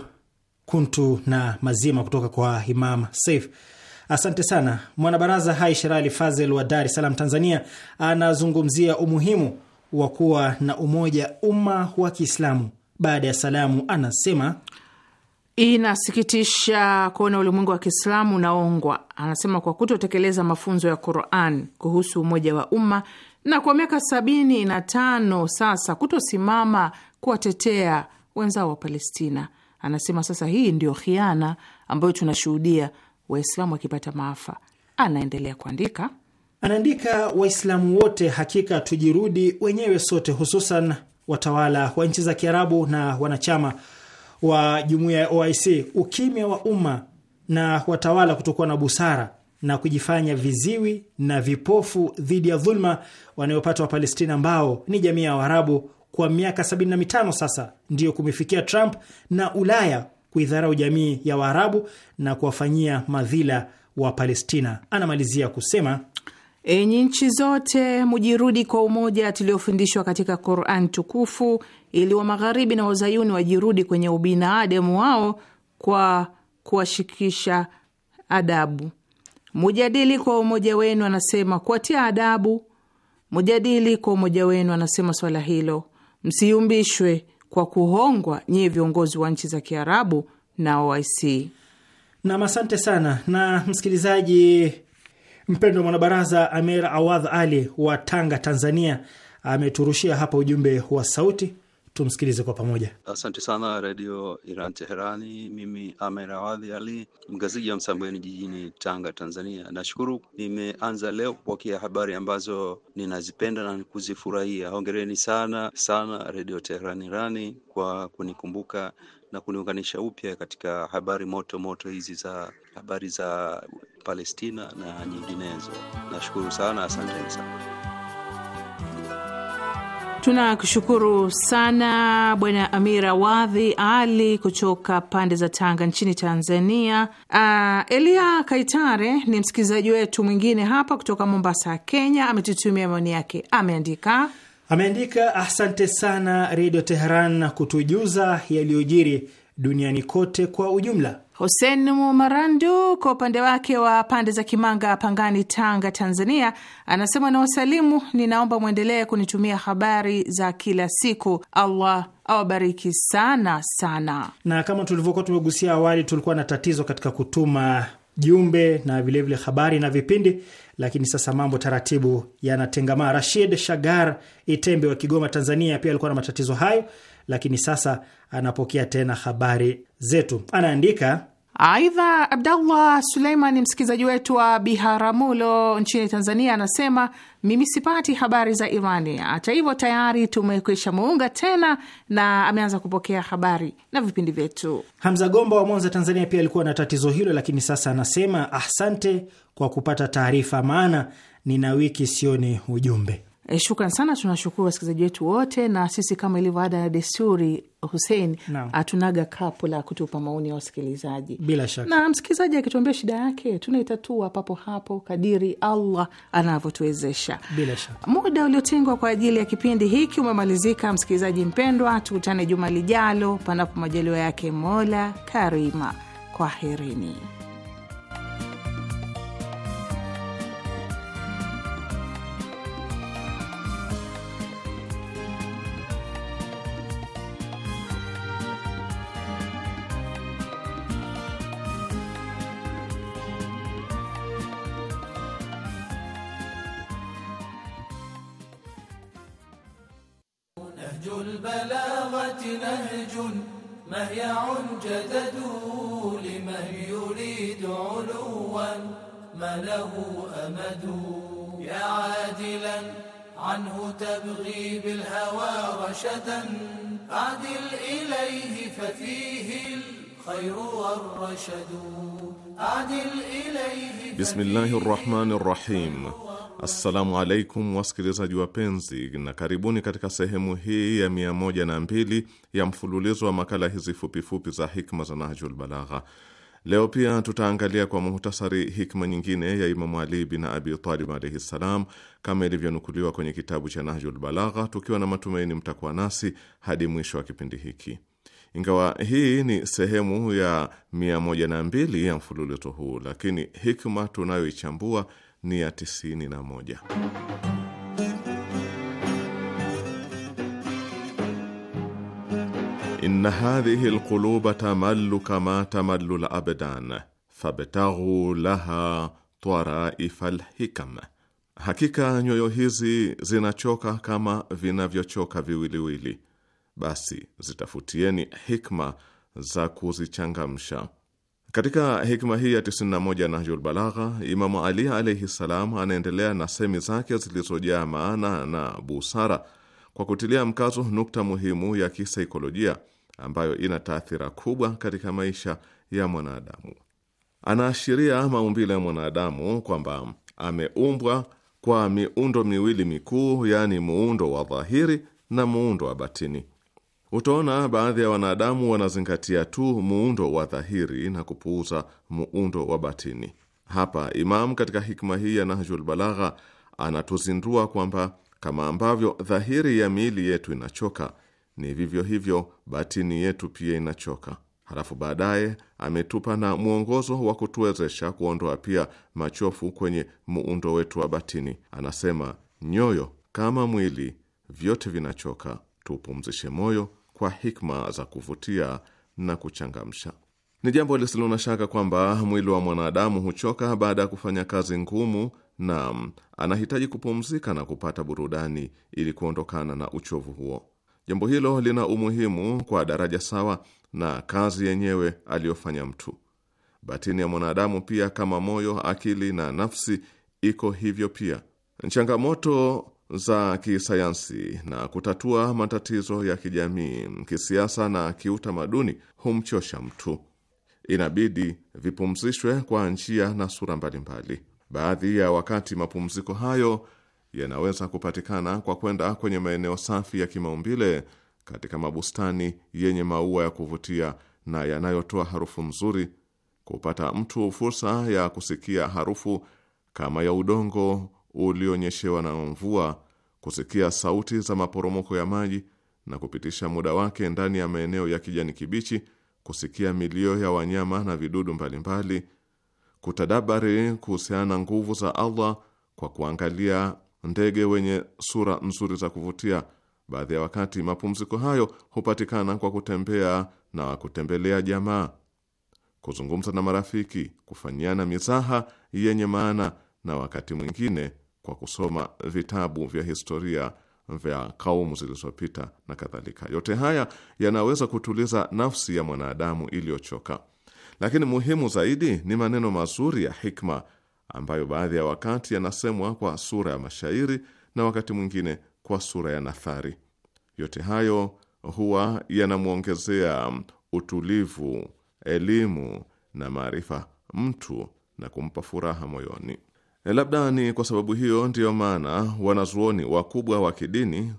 [SPEAKER 4] kuntu na mazima kutoka kwa Imam Saif. Asante sana mwanabaraza hai Sherali Fazel wa Dar es Salaam, Tanzania, anazungumzia umuhimu wa kuwa na umoja umma wa Kiislamu. Baada ya salamu, anasema
[SPEAKER 5] Inasikitisha kuona ulimwengu wa Kiislamu unaongwa, anasema, kwa kutotekeleza mafunzo ya Quran kuhusu umoja wa umma na kwa miaka sabini na tano sasa kutosimama kuwatetea wenzao wa Palestina. Anasema sasa hii ndio khiana ambayo tunashuhudia Waislamu wakipata maafa. Anaendelea kuandika,
[SPEAKER 4] anaandika, Waislamu wote hakika tujirudi wenyewe sote, hususan watawala wa nchi za Kiarabu na wanachama wa jumuiya ya OIC, ukimya wa umma na watawala kutokuwa na busara na kujifanya viziwi na vipofu dhidi ya dhuluma wanayopata Wapalestina ambao ni jamii ya Waarabu kwa miaka 75 sasa, ndiyo kumefikia Trump na Ulaya kuidharau jamii ya Waarabu na kuwafanyia madhila wa Palestina. Anamalizia kusema
[SPEAKER 5] Enyi nchi zote, mujirudi kwa umoja tuliofundishwa katika Qur'an tukufu, ili wa magharibi na wazayuni wajirudi kwenye ubinadamu wao kwa kuwashikisha adabu. Mujadili kwa umoja wenu, anasema kuwatia adabu. Mujadili kwa umoja wenu, anasema swala hilo msiumbishwe kwa kuhongwa, nyiye viongozi wa nchi za Kiarabu na OIC. Nam, asante sana na msikilizaji
[SPEAKER 4] Mpendo mwanabaraza Amir Awadh Ali wa Tanga, Tanzania, ameturushia hapa ujumbe wa sauti. Tumsikilize kwa pamoja.
[SPEAKER 7] Asante sana Redio Iran Teherani. Mimi Amer Awadhi Ali, mgaziji wa Msambweni jijini Tanga, Tanzania. Nashukuru nimeanza leo kupokea habari ambazo ninazipenda na kuzifurahia. Hongereni sana sana Redio Teherani Irani kwa kunikumbuka na kuniunganisha upya katika habari moto moto hizi za habari za Palestina na nyinginezo. Nashukuru sana, asanteni sana.
[SPEAKER 5] Tunakushukuru sana Bwana Amir Awadhi Ali kutoka pande za Tanga nchini Tanzania. Uh, Elia Kaitare ni msikilizaji wetu mwingine hapa kutoka Mombasa, Kenya. Ametutumia maoni yake, ameandika
[SPEAKER 4] ameandika: asante sana Redio Teheran kutujuza yaliyojiri duniani kote kwa ujumla.
[SPEAKER 5] Hussein Mumarandu kwa upande wake wa pande za Kimanga, Pangani, Tanga, Tanzania, anasema nawasalimu, ninaomba mwendelee kunitumia habari za kila siku. Allah awabariki sana sana.
[SPEAKER 4] Na kama tulivyokuwa tumegusia awali, tulikuwa na tatizo katika kutuma jumbe na vilevile vile habari na vipindi, lakini sasa mambo taratibu yanatengamaa. Rashid Shagar Itembe wa Kigoma, Tanzania, pia alikuwa na matatizo hayo lakini sasa anapokea tena
[SPEAKER 5] habari zetu.
[SPEAKER 4] Anaandika
[SPEAKER 5] aidha. Abdallah Suleiman, msikilizaji wetu wa Biharamulo nchini Tanzania, anasema mimi sipati habari za Irani. Hata hivyo, tayari tumekwisha muunga tena na ameanza kupokea habari na vipindi vyetu.
[SPEAKER 4] Hamza Gomba wa Mwanza, Tanzania, pia alikuwa na tatizo hilo, lakini sasa anasema asante kwa kupata taarifa, maana nina wiki sioni ujumbe.
[SPEAKER 5] E, shukran sana, tunashukuru wasikilizaji wetu wote, na sisi kama ilivyo ada ya desturi, Husein hatunaga kapu la kutupa maoni ya wasikilizaji. Bila shaka, na msikilizaji akituambia shida yake tunaitatua papo hapo kadiri Allah anavyotuwezesha. Bila shaka, muda uliotengwa kwa ajili ya kipindi hiki umemalizika. Msikilizaji mpendwa, tukutane juma lijalo, panapo majaliwa yake Mola Karima. Kwaherini.
[SPEAKER 8] البلاغة نهج مهيع جدد لمن يريد علوا ما له أمد يا عادلا عنه تبغي بالهوى رشدا أعدل إليه ففيه الخير والرشد أعدل إليه بسم
[SPEAKER 9] الله الرحمن الرحيم Assalamu alaikum wasikilizaji wapenzi, na karibuni katika sehemu hii ya mia moja na mbili ya mfululizo wa makala hizi fupifupi za hikma za Nahjul Balagha. Leo pia tutaangalia kwa muhtasari hikma nyingine ya Imamu Ali bin Abi Talib alaihi ssalam, kama ilivyonukuliwa kwenye kitabu cha Nahjul Balagha, tukiwa na matumaini mtakuwa nasi hadi mwisho wa kipindi hiki. Ingawa hii ni sehemu ya mia moja na mbili ya mfululizo huu, lakini hikma tunayoichambua ni ya 91. Inna hadhihi lquluba tamallu kama tamallu labdan fabtaghu laha twaraifa lhikam, hakika nyoyo hizi zinachoka kama vinavyochoka viwiliwili, basi zitafutieni hikma za kuzichangamsha katika hikma hii ya 91 Nahjul Balagha, Imamu Ali alaihi ssalam anaendelea na semi zake zilizojaa maana na busara kwa kutilia mkazo nukta muhimu ya kisaikolojia ambayo ina taathira kubwa katika maisha ya mwanadamu. Anaashiria maumbile ya mwanadamu kwamba ameumbwa kwa miundo miwili mikuu, yaani muundo wa dhahiri na muundo wa batini. Utaona baadhi ya wanadamu wanazingatia tu muundo wa dhahiri na kupuuza muundo wa batini. Hapa Imam katika hikma hii ya Nahjul Balagha anatuzindua kwamba kama ambavyo dhahiri ya miili yetu inachoka, ni vivyo hivyo batini yetu pia inachoka. Halafu baadaye ametupa na mwongozo wa kutuwezesha kuondoa pia machofu kwenye muundo wetu wa batini. Anasema nyoyo kama mwili vyote vinachoka, tupumzishe moyo kwa hikma za kuvutia na kuchangamsha. Ni jambo lisilo na shaka kwamba mwili wa mwanadamu huchoka baada ya kufanya kazi ngumu na mm, anahitaji kupumzika na kupata burudani ili kuondokana na uchovu huo. Jambo hilo lina umuhimu kwa daraja sawa na kazi yenyewe aliyofanya mtu. Batini ya mwanadamu pia, kama moyo, akili na nafsi, iko hivyo pia. Changamoto za kisayansi na kutatua matatizo ya kijamii, kisiasa na kiutamaduni humchosha mtu. Inabidi vipumzishwe kwa njia na sura mbalimbali. Baadhi ya wakati mapumziko hayo yanaweza kupatikana kwa kwenda kwenye maeneo safi ya kimaumbile katika mabustani yenye maua ya kuvutia na yanayotoa harufu nzuri, kupata mtu fursa ya kusikia harufu kama ya udongo ulionyeshewa na mvua kusikia sauti za maporomoko ya maji na kupitisha muda wake ndani ya maeneo ya kijani kibichi, kusikia milio ya wanyama na vidudu mbalimbali, kutadabari kuhusiana na nguvu za Allah kwa kuangalia ndege wenye sura nzuri za kuvutia. Baadhi ya wakati mapumziko hayo hupatikana kwa kutembea na kutembelea jamaa, kuzungumza na marafiki, kufanyiana mizaha yenye maana na wakati mwingine kwa kusoma vitabu vya historia vya kaumu zilizopita na kadhalika. Yote haya yanaweza kutuliza nafsi ya mwanadamu iliyochoka, lakini muhimu zaidi ni maneno mazuri ya hikma ambayo baadhi ya wakati yanasemwa kwa sura ya mashairi na wakati mwingine kwa sura ya nathari. Yote hayo huwa yanamwongezea utulivu, elimu na maarifa mtu na kumpa furaha moyoni. Eh, labda ni kwa sababu hiyo ndiyo maana wanazuoni wakubwa wa kidini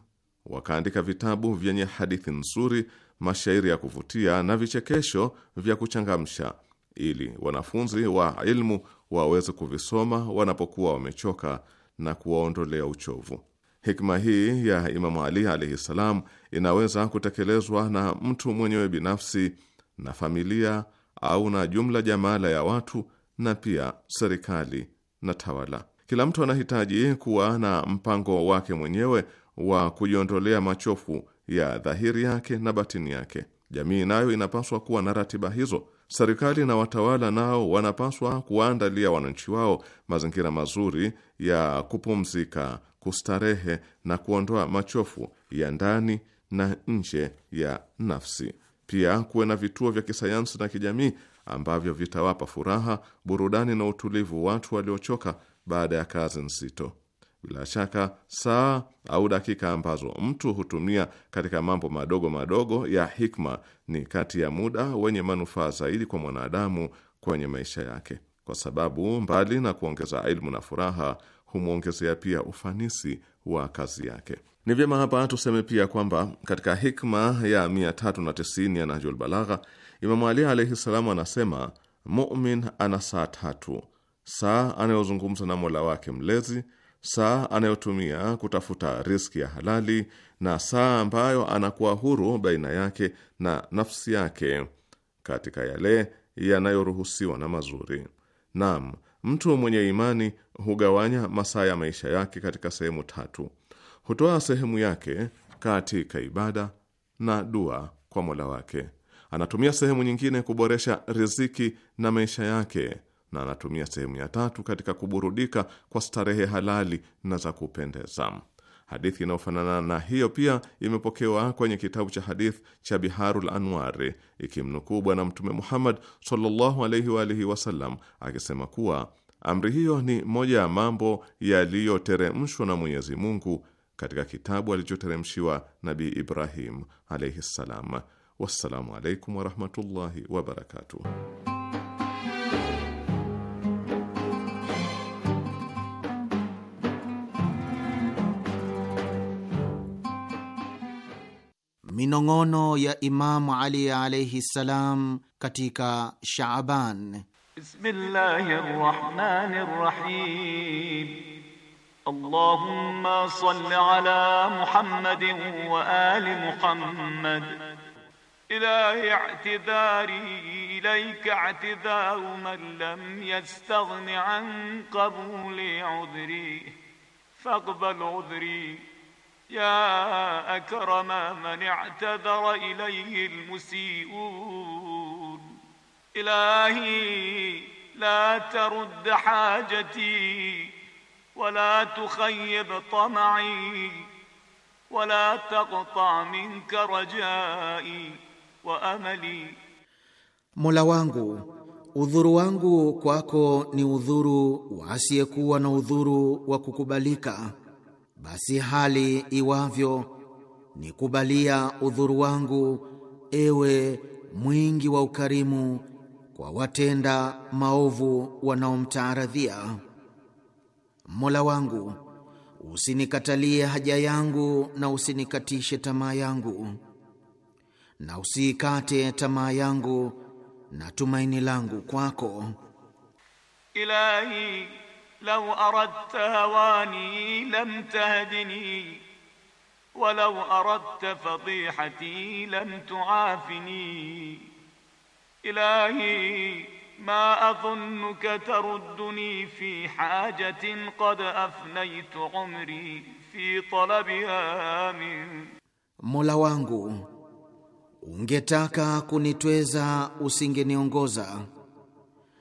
[SPEAKER 9] wakaandika vitabu vyenye hadithi nzuri, mashairi ya kuvutia na vichekesho vya kuchangamsha, ili wanafunzi wa ilmu waweze kuvisoma wanapokuwa wamechoka na kuwaondolea uchovu. Hikma hii ya Imamu Ali alaihi ssalam inaweza kutekelezwa na mtu mwenyewe binafsi na familia au na jumla jamala ya watu na pia serikali na tawala. Kila mtu anahitaji kuwa na mpango wake mwenyewe wa kujiondolea machofu ya dhahiri yake na batini yake. Jamii nayo inapaswa kuwa na ratiba hizo. Serikali na watawala nao wanapaswa kuwaandalia wananchi wao mazingira mazuri ya kupumzika, kustarehe na kuondoa machofu ya ndani na nje ya nafsi. Pia kuwe na vituo vya kisayansi na kijamii ambavyo vitawapa furaha, burudani na utulivu watu waliochoka baada ya kazi nzito. Bila shaka saa au dakika ambazo mtu hutumia katika mambo madogo madogo ya hikma ni kati ya muda wenye manufaa zaidi kwa mwanadamu kwenye maisha yake, kwa sababu mbali na kuongeza ilmu na furaha, humwongezea pia ufanisi wa kazi yake. Ni vyema hapa tuseme pia kwamba katika hikma ya 390 ya Nahjul Balagha Imamu Ali alaihi salamu anasema mumin ana saa tatu: saa anayozungumza na mola wake mlezi, saa anayotumia kutafuta riski ya halali, na saa ambayo anakuwa huru baina yake na nafsi yake katika yale yanayoruhusiwa na mazuri. Naam, mtu mwenye imani hugawanya masaa ya maisha yake katika sehemu tatu: hutoa sehemu yake katika ibada na dua kwa mola wake anatumia sehemu nyingine kuboresha riziki na maisha yake, na anatumia sehemu ya tatu katika kuburudika kwa starehe halali na za kupendeza. Hadithi inayofanana na hiyo pia imepokewa kwenye kitabu cha hadith cha Biharul Anwari ikimnukuu Bwana Mtume Muhammad sallallahu alaihi wa alihi wasallam akisema kuwa amri hiyo ni moja ya mambo yaliyoteremshwa na Mwenyezi Mungu katika kitabu alichoteremshiwa Nabii Ibrahim alaihi ssalam. Wassalamu alaikum warahmatullahi wabarakatuh.
[SPEAKER 10] Minong'ono ya Imamu Ali alaihi ssalam katika Shaaban.
[SPEAKER 11] Bismillahi rahmani rahim Allahumma salli ala Muhammadin wa ali Muhammad إلهي اعتذاري إليك اعتذار من لم يستغن عن قبول عذري فاقبل عذري يا أكرم من اعتذر إليه المسيئون إلهي لا ترد حاجتي ولا تخيب طمعي ولا تقطع منك رجائي wa amali,
[SPEAKER 10] Mola wangu udhuru wangu kwako ni udhuru wa asiyekuwa na udhuru wa kukubalika, basi hali iwavyo nikubalia udhuru wangu, ewe mwingi wa ukarimu kwa watenda maovu wanaomtaaradhia. Mola wangu usinikatalie haja yangu na usinikatishe tamaa yangu na usiikate tamaa yangu na tumaini langu kwako.
[SPEAKER 11] Ilahi law aradta hawani lam tahdini walau aradta fadihati lam tuafini ilahi ma adhunnuka tarudduni fi hajatin qad afnaytu umri fi talabiha min
[SPEAKER 10] Mola wangu Ungetaka kunitweza usingeniongoza,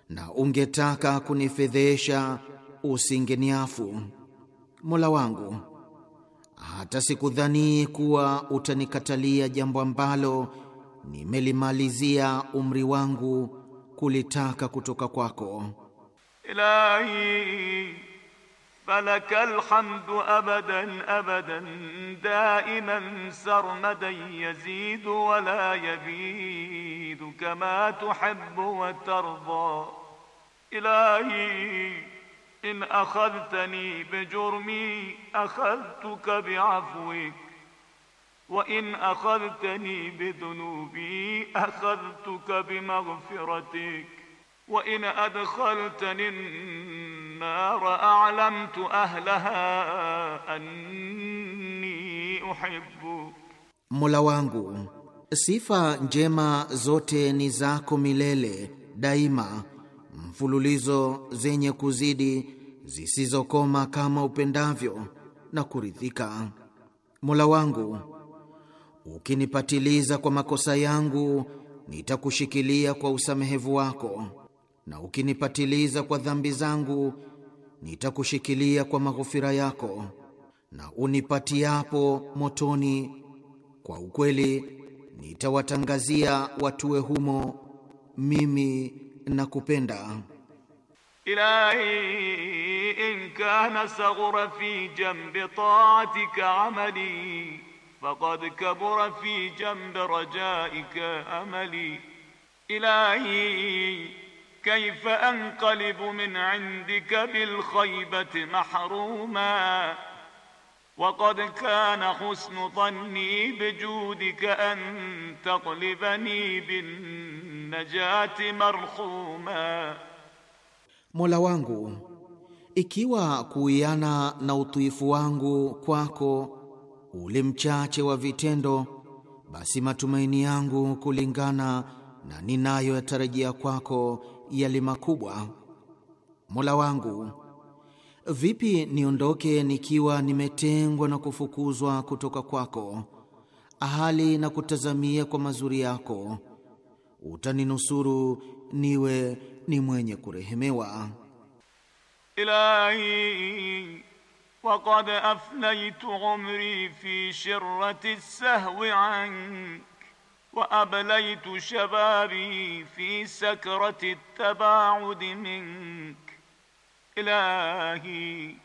[SPEAKER 10] na ungetaka kunifedhesha usingeniafu. Mola wangu, hata sikudhani kuwa utanikatalia jambo ambalo nimelimalizia umri wangu kulitaka kutoka kwako.
[SPEAKER 11] Ilahi فلك الحمد أبدا أبدا دائما سرمدا يزيد ولا يبيد كما تحب وترضى إلهي إن أخذتني بجرمي أخذتك بعفوك وإن أخذتني بذنوبي أخذتك بمغفرتك wa in adkhaltani an a'lamtu ahlaha anni uhibbu,
[SPEAKER 10] Mola wangu sifa njema zote ni zako milele daima, mfululizo zenye kuzidi zisizokoma kama upendavyo na kuridhika. Mola wangu, ukinipatiliza kwa makosa yangu, nitakushikilia kwa usamehevu wako na ukinipatiliza kwa dhambi zangu nitakushikilia kwa maghufira yako, na unipatiapo motoni kwa ukweli nitawatangazia watuwe humo, mimi na kupenda.
[SPEAKER 11] Ilahi in kana saghura fi jambi taatika amali faqad kabura fi jambi rajaika amali ilahi kaifa anqalibu min indika bilkhaybati mahruma waqad kana husnu dhanni bijudika an taqlibani binnajati marhuma,
[SPEAKER 10] Mola wangu, ikiwa kuiana na utuifu wangu kwako ule mchache wa vitendo, basi matumaini yangu kulingana na ninayo yatarajia kwako yale makubwa. Mola wangu, vipi niondoke nikiwa nimetengwa na kufukuzwa kutoka kwako, ahali na kutazamia kwa mazuri yako. Utaninusuru niwe ni mwenye kurehemewa.
[SPEAKER 11] Ilahi waqad afnaytu umri fi shirati sahwi anka wa ablaytu shababi fi sakrati tabaudi mink ilahi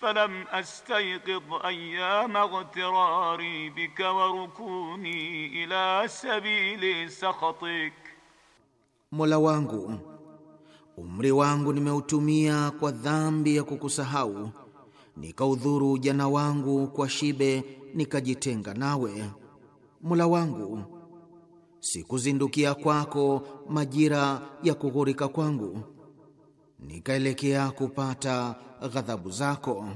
[SPEAKER 11] falam astayqid ayama ightirari bika wa rukuni ila sabili sakhatik,
[SPEAKER 10] Mola wangu umri wangu nimeutumia kwa dhambi ya kukusahau, nikaudhuru jana wangu kwa shibe, nikajitenga nawe Mola wangu, sikuzindukia kwako majira ya kughurika kwangu, nikaelekea kupata ghadhabu zako.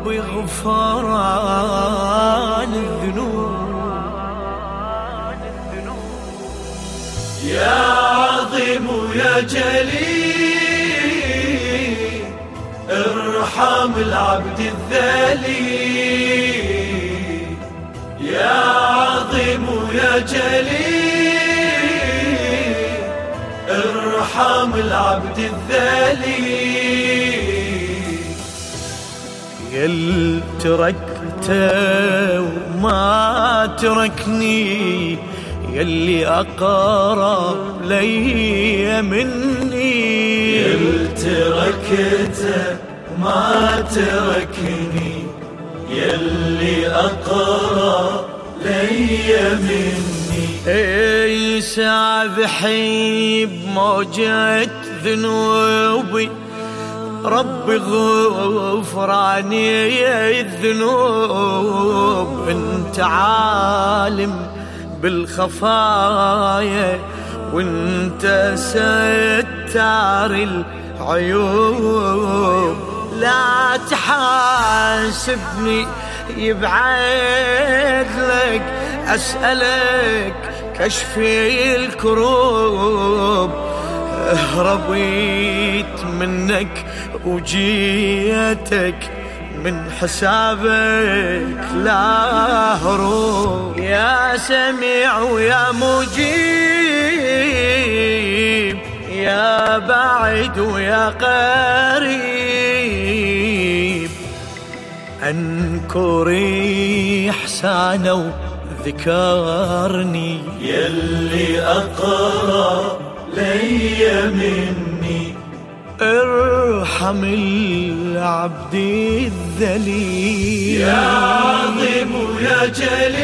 [SPEAKER 8] ربي غفران الذنوب
[SPEAKER 12] يا عظيم
[SPEAKER 8] يا جليل ارحم العبد الذليل يا عظيم يا جليل ارحم العبد الذليل يل تركته وما تركني يلي أقرب لي مني يل تركته وما تركني يلي أقرب لي مني اي سابحي بموجة ذنوبي رب غفراني الذنوب انت عالم بالخفايا وانت ستار العيوب لا تحاسبني يبعد لك أسألك كشفي الكروب اهربيت منك وجيتك من حسابك لا هروب يا سميع ويا مجيب يا بعيد ويا قريب انكري احسانا وذكرني يلي اقرب لي من ارحم العبد الذليل يا عظيم يا جليل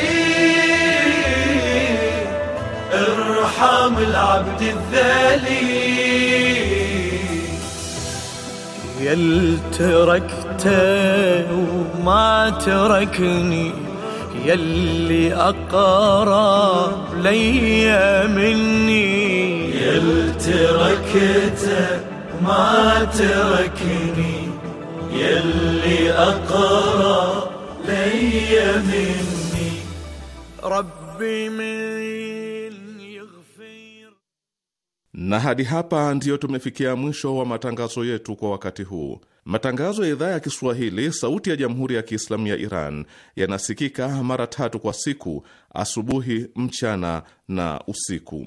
[SPEAKER 8] ارحم العبد الذليل يل تركته وما تركني يلي أقرب لي مني يل تركته ما تركني يلي اقرا لي مني ربي من يغفر
[SPEAKER 9] na hadi hapa ndiyo tumefikia mwisho wa matangazo yetu kwa wakati huu. Matangazo ya idhaa ya Kiswahili sauti ya jamhuri ya Kiislamu ya Iran yanasikika mara tatu kwa siku: asubuhi, mchana na usiku.